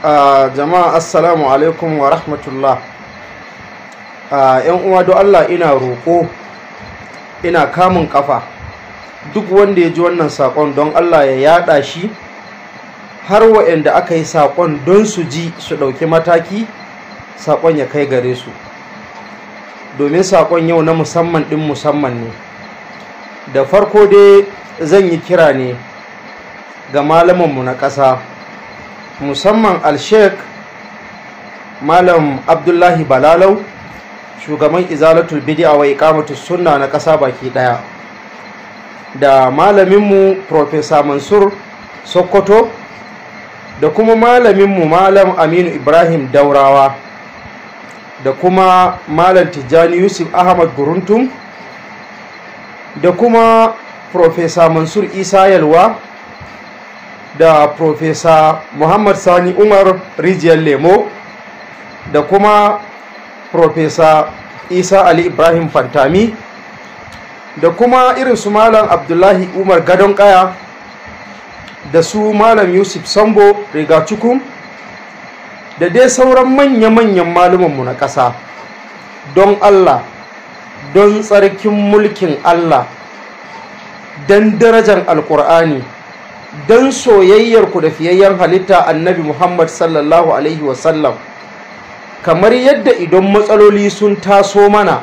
A ah, jama'a assalamu alaikum wa rahmatullah ah, yan uwa don allah ina roƙo ina kamun kafa duk wanda ya ji wannan saƙon don allah ya yaɗa shi har wa'anda aka yi saƙon don su ji su ɗauki mataki saƙon ya kai gare su domin saƙon yau na musamman ɗin musamman ne da farko dai zan yi kira ne ga malamanmu na ƙasa musamman alshek malam abdullahi balalau shugaban izalatul Bidiya wa iqamatus sunna na ƙasa baki ɗaya da malaminmu profesa mansur sokoto da kuma malaminmu malam aminu ibrahim daurawa da kuma malam tijjani yusuf ahmad guruntum da kuma profesa mansur isa yalwa da profesa muhammad sani umar rijiyar lemo da kuma profesa isa ali ibrahim fantami da kuma irin su malam abdullahi umar gadon kaya da su malam yusuf sambo rigacukun da dai sauran manya-manyan malumanmu na ƙasa don allah don tsarkin mulkin allah don darajar alkur'ani don ku da fiyayyar halitta annabi muhammad sallallahu alaihi wasallam kamar yadda idan matsaloli sun taso mana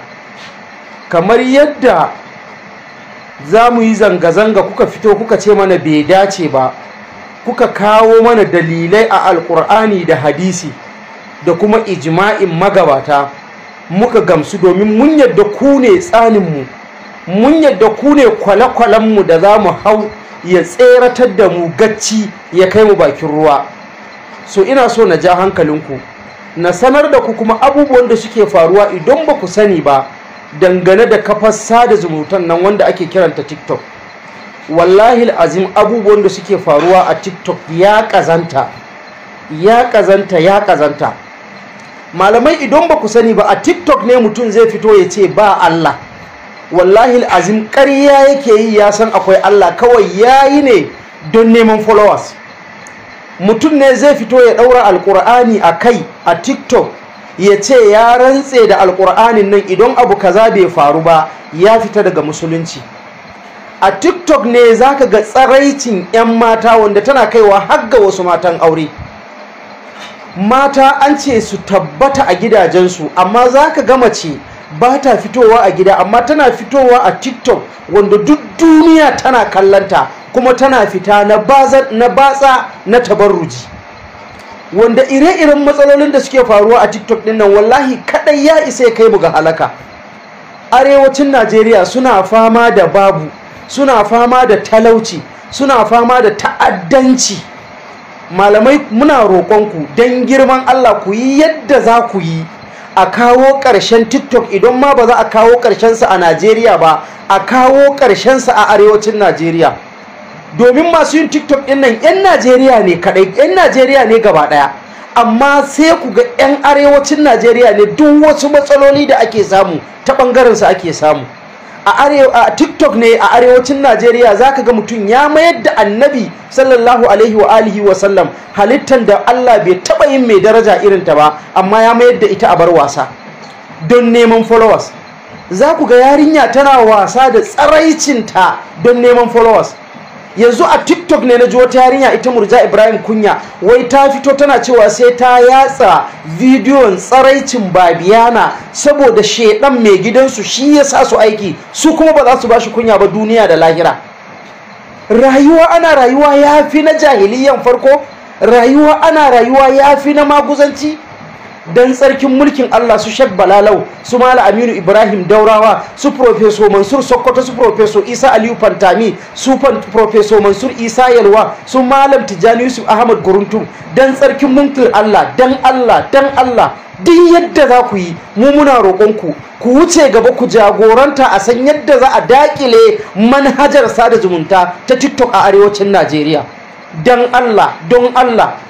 kamar yadda za mu yi zanga-zanga kuka fito kuka ce mana bai dace ba kuka kawo mana dalilai a alkur'ani da hadisi da kuma ijima'in magabata muka gamsu domin mun yadda ku ne tsaninmu mun yadda ku ne kwale-kwalenmu da za mu hau ya tseratar da mu gacci ya kai mu bakin ruwa so ina so na ja hankalinku na sanar da ku kuma abubuwan da suke faruwa idan ba ku sani ba dangane da kafar sada zumuntar nan wanda ake kiranta tiktok wallahi azim abubuwan da suke faruwa a tiktok ya kazanta ya kazanta ya kazanta malamai idan ba ku sani ba a tiktok ne mutum zai fito ya ce ba allah wallahi azim ƙarya yake yi ya san akwai Allah kawai ya yi ne don neman followers mutum ne zai fito ya ɗaura alƙur'ani a kai a tiktok ya ce ya rantse da alƙur'anin nan idan abu kaza bai faru ba ya fita daga musulunci a tiktok ne za ka ga tsaraicin 'yan mata wanda tana kaiwa har ga wasu matan aure mata an ce su tabbata a gidajensu amma za ka gama ce. ba ta fitowa a gida amma tana fitowa a tiktok wanda duk duniya tana kallanta kuma tana fita na batsa na tabarruji wanda ire-iren matsalolin da suke faruwa a tiktok din nan wallahi kadai ya isa ya kai mu ga halaka arewacin najeriya suna fama da babu suna fama da talauci suna fama da ta'addanci malamai muna roƙonku don girman allah ku yi yadda za ku yi a kawo ƙarshen tiktok idan ma ba za a kawo ƙarshensa a najeriya ba a kawo ƙarshensa a arewacin najeriya domin masu yin tiktok ɗin nan 'yan najeriya ne kaɗai 'yan najeriya ne gaba ɗaya amma sai ku ga 'yan arewacin najeriya ne duk wasu matsaloli da ake samu ta ɓangarensa ake samu a tiktok ne a arewacin najeriya za ka ga mutum ya mayar da annabi sallallahu alaihi wa alihi wa sallam halittan da allah bai taba yin mai daraja irin ta ba amma ya mayar da ita a bar wasa don neman followers za ku ga yarinya tana wasa da tsaraicinta don neman followers yanzu a tiktok ne na ji wata yarinya ita murja ibrahim kunya wai ta fito tana cewa sai ta yatsa bidiyon tsaraicin babiyana saboda shedan mai gidansu shi ya sa su aiki su kuma ba za su bashi kunya ba duniya da lahira rayuwa ana rayuwa ya fi na jahiliyan farko rayuwa ana rayuwa ya fi na maguzanci dan tsarkin mulkin Allah su shek Balalau su Mala Aminu Ibrahim Daurawa su Profeso Mansur Sokoto su Profeso Isa Aliyu Fantami su Profeso Mansur Isa Yalwa su Malam Tijani Yusuf Ahmad Guruntu, dan tsarkin mulkin Allah dan Allah dan Allah duk yadda za ku yi mu muna roƙonku ku wuce gaba ku jagoranta a san yadda za a daƙile manhajar sada zumunta ta TikTok a arewacin Najeriya dan Allah don Allah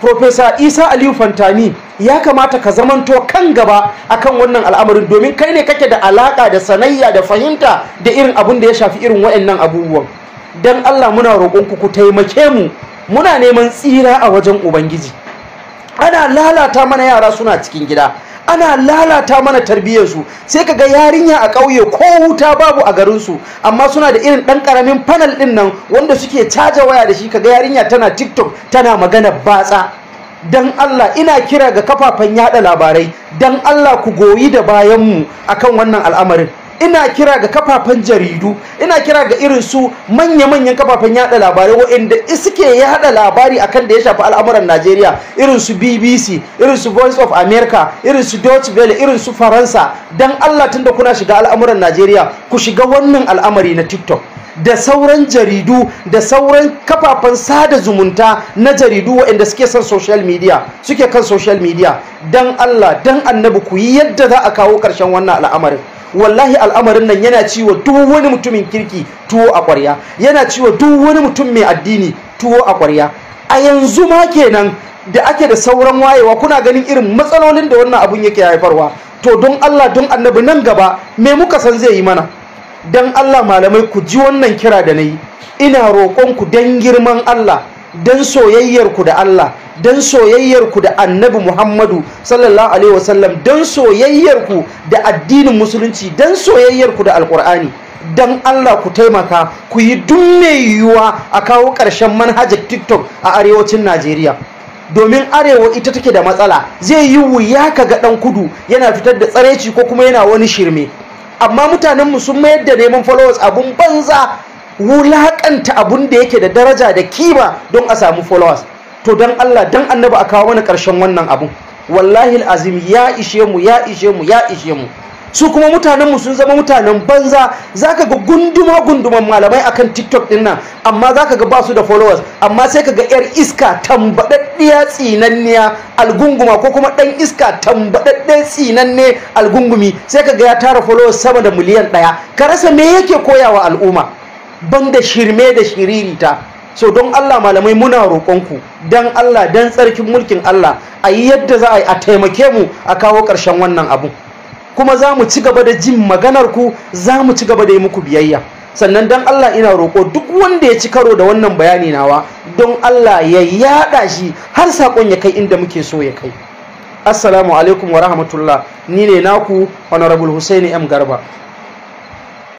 Profesa Isa Aliyu Fantami ya kamata ka zamanto kan gaba akan wannan al'amarin domin kai ne kake da alaƙa da sanayya da fahimta da irin abun da ya shafi irin waɗannan abubuwan. Don Allah muna roƙonku ku taimake mu muna neman tsira a wajen Ubangiji. Ana lalata mana yara suna cikin gida. ana lalata mana tarbiyyarsu sai ka ga yarinya a ƙauye ko wuta babu a garinsu amma suna da irin ɗan ƙaramin panel ɗin nan wanda suke caja waya da shi kaga yarinya tana tiktok tana magana batsa dan Allah ina kira ga kafafen yada labarai dan Allah ku goyi da bayanmu akan wannan al'amarin ina kira ga kafafen jaridu ina kira ga irin su manya-manyan kafafen yada labarai waɗanda suke haɗa labari akan da ya shafi al'amuran Najeriya irin su BBC irin su Voice of America irin su Deutsche Welle irin su Faransa dan Allah tunda kuna shiga al'amuran Najeriya ku shiga wannan al'amari na TikTok da sauran jaridu da sauran kafafen sada zumunta na jaridu waɗanda suke son social media suke kan social media dan Allah dan annabi ku yi yadda za a kawo ƙarshen wannan al'amarin wallahi al'amarin nan yana ciwo duk wani mutumin kirki tuwo a ƙwarya yana ciwo duk wani mutum mai addini tuwo a ƙwarya a yanzu ma kenan da ake da sauran wayewa kuna ganin irin matsalolin da wannan abun yake haifarwa to don Allah don annabi nan gaba me muka san zai yi mana dan Allah malamai ku ji wannan kira da na yi ina roƙon ku don girman Allah don soyayyarku da Allah don soyayyarku da annabi Muhammadu sallallahu alaihi wasallam don soyayyarku da addinin musulunci don soyayyarku da alkur'ani don Allah ku taimaka ku yi duk mai yiwuwa a kawo ƙarshen manhajar TikTok a arewacin Najeriya domin arewa ita take da matsala zai yi wuya ka ga ɗan kudu yana fitar da tsareci ko kuma yana wani shirme amma mutanenmu sun mayar da neman followers abun banza wulaƙanta abun da yake da daraja da kima don a samu followers to don Allah don annabi a kawo mana ƙarshen wannan abun wallahi azim ya ishe mu ya ishe mu ya ishe mu su kuma mutanenmu sun zama mutanen banza za ka ga gunduma gunduman malamai akan tiktok din nan amma za ka ga ba su da followers amma sai ka ga yar iska tambaɗaɗɗiya tsinanniya algunguma ko kuma ɗan iska tambaɗaɗɗe tsinanne algungumi sai ka ga ya tara followers sama da miliyan ɗaya ka rasa me yake koyawa al'umma banda shirme da shiririta so don Allah malamai muna roƙonku don Allah don tsarkin mulkin Allah a yi yadda za a yi a taimake mu a kawo ƙarshen wannan abu kuma za mu ci gaba da jin maganarku, za mu ci gaba da yi muku biyayya sannan don Allah ina roƙo duk wanda ya ci karo da wannan bayani nawa don Allah ya yaɗa shi har saƙon ya kai inda muke so ya kai assalamu alaikum wa rahmatullah ni ne naku honorable Hussaini m garba